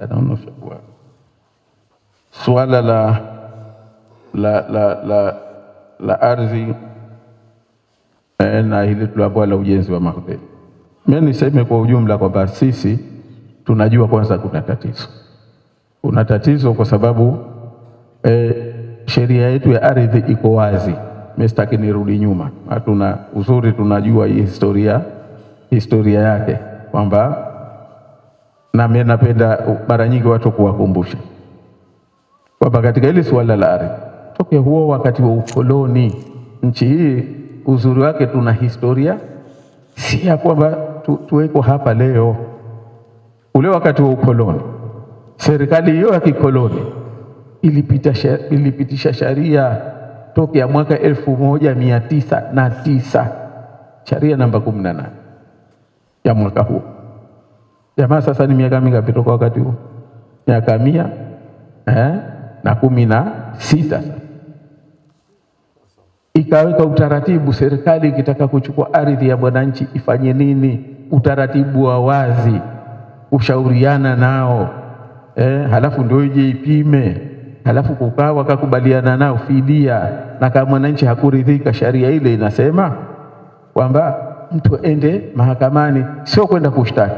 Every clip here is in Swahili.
I don't know if it worked. Swala la, la, la, la, la ardhi eh, na hili tuliambiwa la ujenzi wa mahoteli. Mimi niseme kwa ujumla kwamba sisi tunajua kwanza kuna tatizo, kuna tatizo kwa sababu eh, sheria yetu ya ardhi iko wazi. Mimi sitaki nirudi nyuma, hatuna uzuri, tunajua hii historia historia yake kwamba na mimi napenda mara nyingi watu kuwakumbusha kwamba katika hili suala la ardhi toke huo wakati wa ukoloni, nchi hii uzuri wake tuna historia, si ya kwamba tu, tuweko hapa leo. Ule wakati wa ukoloni, serikali hiyo ya kikoloni ilipitisha ilipitisha sharia tokea mwaka elfu moja mia tisa na tisa sharia namba kumi na nane ya mwaka huo Jamaa sasa ni miaka mingapi toka wakati huo? Miaka mia eh, na kumi na sita. Ikaweka utaratibu, serikali ikitaka kuchukua ardhi ya mwananchi ifanye nini? Utaratibu wa wazi, ushauriana nao eh, halafu ndio ije ipime, halafu kukaa wakakubaliana nao fidia, na kama mwananchi hakuridhika, sharia ile inasema kwamba mtu ende mahakamani, sio kwenda kushtaki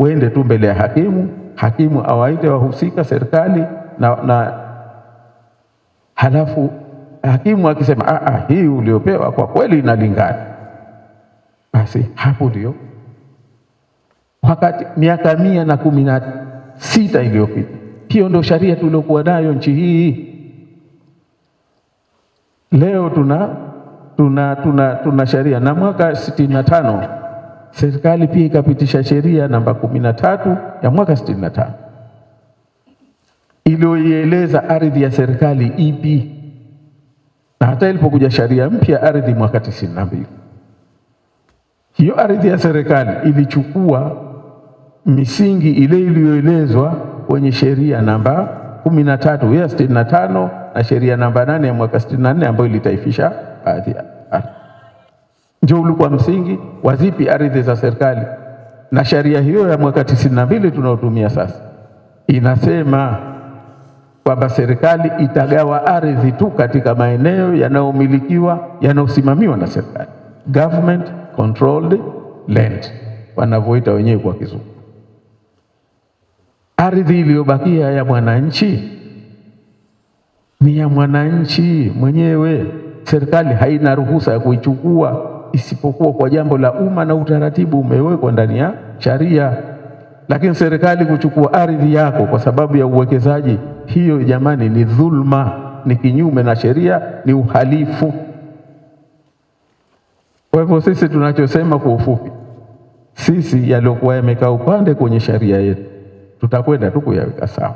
wende tu mbele ya hakimu, hakimu awaite wahusika serikali na, na halafu hakimu akisema a ah, a, ah, hii uliopewa kwa kweli inalingana, basi hapo ndio. Wakati miaka mia na kumi na sita iliyopita, hiyo ndio sharia tuliokuwa nayo nchi hii. Leo tuna tuna tuna, tuna sharia na mwaka sitini na tano serikali pia ikapitisha sheria namba kumi na tatu ya mwaka sitini na tano iliyoieleza ardhi ya serikali ipi, na hata ilipokuja sheria mpya ardhi mwaka tisini na mbili hiyo ardhi ya serikali ilichukua misingi ile iliyoelezwa kwenye sheria namba kumi na tatu ya sitini na tano na sheria namba nane ya mwaka sitini na nne ambayo ilitaifisha baadhi ndio ulikuwa msingi wa zipi ardhi za serikali, na sharia hiyo ya mwaka tisini na mbili tunaotumia sasa inasema kwamba serikali itagawa ardhi tu katika maeneo yanayomilikiwa yanayosimamiwa na serikali, government controlled land wanavyoita wenyewe kwa Kizungu. Ardhi iliyobakia ya mwananchi ni ya mwananchi mwenyewe, serikali haina ruhusa ya kuichukua isipokuwa kwa jambo la umma na utaratibu umewekwa ndani ya sharia. Lakini serikali kuchukua ardhi yako kwa sababu ya uwekezaji, hiyo jamani, ni dhulma, ni kinyume na sheria, ni uhalifu. Kwa hivyo sisi tunachosema kwa ufupi, sisi yaliokuwa yamekaa upande kwenye sharia yetu tutakwenda tu kuyaweka sawa,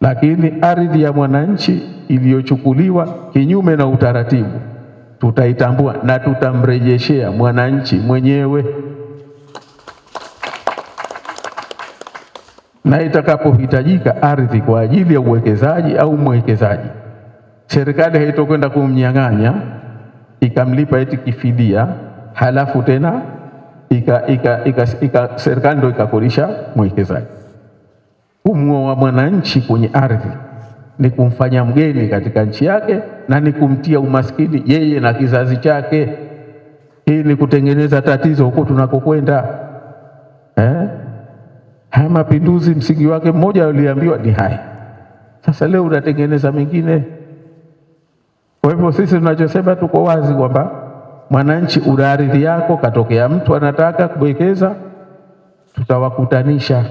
lakini ardhi ya mwananchi iliyochukuliwa kinyume na utaratibu tutaitambua na tutamrejeshea mwananchi mwenyewe, na itakapohitajika ardhi kwa ajili ya uwekezaji au mwekezaji, serikali haitokwenda kumnyang'anya ikamlipa eti kifidia, halafu tena ika, ika, ika, ika, serikali ndo ikakodisha mwekezaji. Umwo wa mwananchi kwenye ardhi ni kumfanya mgeni katika nchi yake na ni kumtia umaskini yeye na kizazi chake. Hii ni kutengeneza tatizo huko tunakokwenda eh? Haya mapinduzi msingi wake mmoja aliambiwa ni haya. Sasa leo unatengeneza mengine. Kwa hivyo sisi tunachosema tuko wazi kwamba mwananchi, una ardhi yako, katokea mtu anataka kuwekeza, tutawakutanisha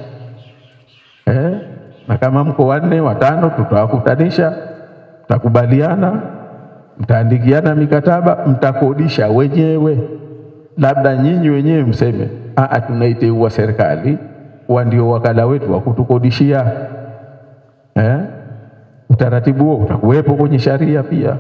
na kama mko wanne watano, tutawakutanisha, mtakubaliana, mtaandikiana mikataba, mtakodisha wenyewe. Labda nyinyi wenyewe mseme a, tunaiteua serikali wa ndio wakala wetu wa kutukodishia eh? Utaratibu huo utakuwepo kwenye sharia pia,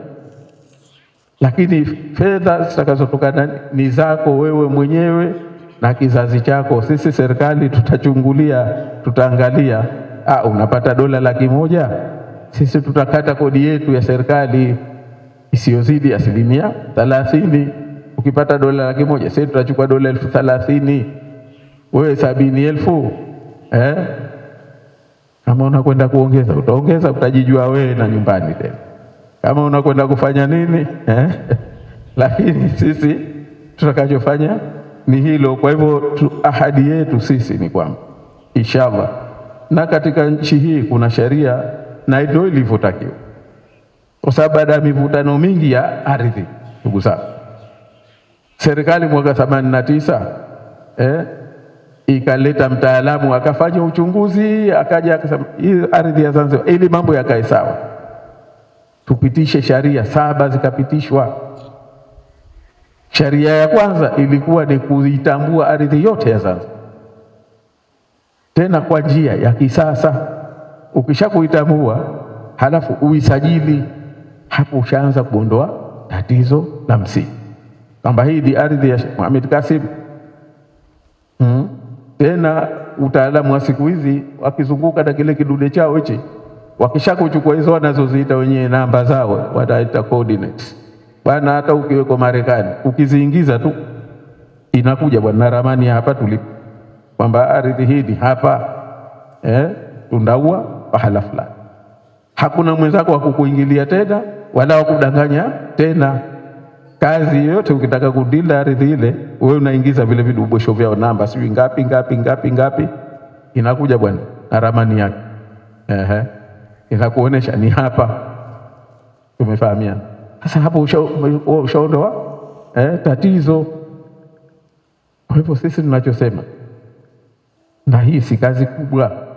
lakini fedha zitakazotokana ni zako wewe mwenyewe na kizazi chako. Sisi serikali tutachungulia, tutaangalia ah, unapata dola laki moja, sisi tutakata kodi yetu ya serikali isiyozidi asilimia thalathini. Ukipata dola laki moja, sisi tutachukua dola elfu thalathini, wewe sabini elfu eh? Kama unakwenda kuongeza utaongeza, utajijua wewe na nyumbani tena, kama unakwenda kufanya nini eh? Lakini sisi tutakachofanya ni hilo. Kwa hivyo ahadi yetu sisi ni kwamba inshallah na katika nchi hii kuna sheria na ndio ilivyotakiwa, kwa sababu baada ya mivutano mingi ya ardhi, ndugu zangu, serikali mwaka themanini na tisa eh, ikaleta mtaalamu akafanya uchunguzi, akaja akasema hii ardhi ya Zanzibar ili mambo yakae sawa tupitishe sharia saba, zikapitishwa. Sharia ya kwanza ilikuwa ni kuitambua ardhi yote ya Zanzibar tena kwa njia ya kisasa. Ukishakuitambua halafu uisajili, hapo ushaanza kuondoa tatizo la msingi kwamba hii ni ardhi ya Muhammad Kasim. Hmm. Tena utaalamu wa siku hizi wakizunguka na kile kidude chao hichi, wakishakuchukua hizo wanazoziita wenyewe namba zao, wataita coordinates bwana. Hata ukiweko Marekani ukiziingiza tu inakuja bwana, ramani hapa tulipo kwamba ardhi hii ni hapa eh, tundaua pahala fulani, hakuna mwenzako wa kukuingilia tena wala wakudanganya tena. Kazi yoyote ukitaka kudila ardhi ile, wewe unaingiza vile vidubwesho vyao, namba sijui ngapi ngapi ngapi ngapi, inakuja bwana na ramani yake ehe, inakuonesha ni hapa. tumefahamia sasa, hapo ushaondoa eh, tatizo. Kwa hivyo sisi tunachosema na hii si kazi kubwa.